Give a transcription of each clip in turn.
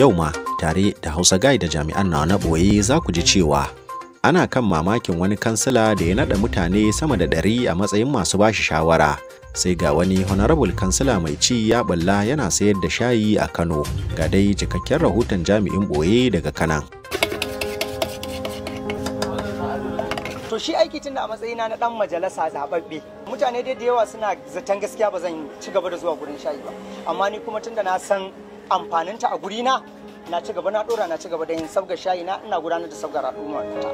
Yau ma tare da Hausa gai da jami'an nawa na ɓoye za ku ji cewa ana kan mamakin wani kansila da ya naɗa mutane sama da ɗari a matsayin masu ba shi shawara. Sai ga wani honorable kansila mai ci ya balla yana sayar da shayi a Kano ga dai cikakken rahoton jami'in ɓoye daga Kanan. to shi aiki tun da a matsayina na dan majalisa zababbe mutane da yawa suna zaton gaskiya ba zan ci gaba da zuwa gurin shayi ba amma ni kuma tun da na san amfaninta a gurina na ci gaba na dora na ci gaba da yin sabga shayi na ina gudanar da sabgar al'umma ta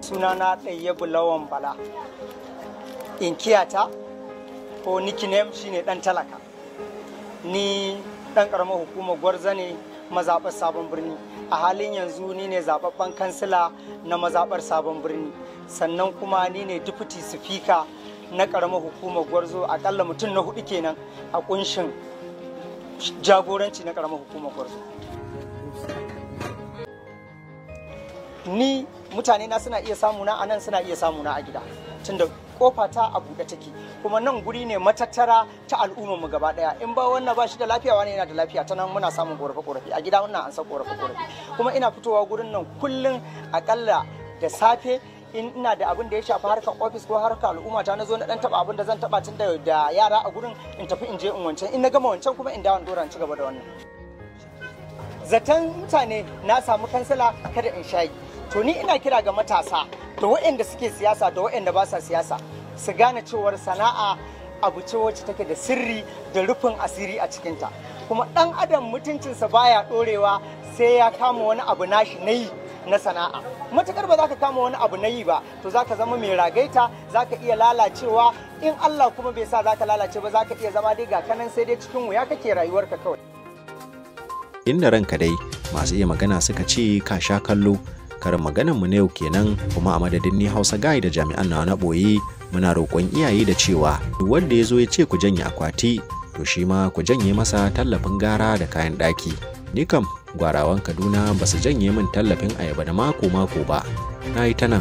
suna na ɗaya bulawan bala inkiyata ko nickname shine dan talaka ni dan karamar hukumar gwarza ne mazaɓar sabon birni a halin yanzu ni ne zaɓaɓɓen kansila na mazaɓar sabon birni sannan kuma ni ne deputy sifika na karamar hukumar gwarzo akalla mutum na hudu kenan a kunshin jagoranci na karamar hukumar gwarzo ni mutane na suna iya samuna a nan suna iya samuna a gida tunda kofa ta a buɗe take kuma nan guri ne matattara ta al'ummar mu gaba daya in ba wannan ba shi da lafiya wani yana da lafiya ta nan muna samun korafe korafe a gida wannan an san korafe korafe kuma ina fitowa gurin nan kullun akalla da safe in ina da abin da ya shafi harkar ofis ko harkar al'umma ta zo na dan taba abin da zan taba tun da yara a gurin in tafi in je in wancan in na gama wancan kuma in dawo dora ci gaba da wannan zaton mutane na samu kansala kada in shayi to ni ina kira ga matasa da waɗanda suke siyasa da waɗanda ba sa siyasa su gane cewar sana'a abu ce wacce take da sirri da rufin asiri a cikinta kuma ɗan adam mutuncinsa baya ɗorewa sai ya kama wani abu nashi na yi na sana'a matukar ba za ka kama wani abu na yi ba to za ka zama mai ragaita za ka iya lalacewa in Allah kuma bai sa za ka lalace ba za ka iya zama dai ga kanan sai dai cikin wuya kake rayuwarka kawai inda ranka dai masu iya magana suka ce ka sha kallo karin maganar mu na yau kenan kuma a madadin ni Hausa Guy da jami'an nawa na boye muna roƙon iyaye da cewa duk wanda ya zo ya ce ku janye akwati to shi ma ku janye masa tallafin gara da kayan ɗaki ni kam gwarawan kaduna ba su janye min tallafin ayaba da mako-mako ba na yi ta nan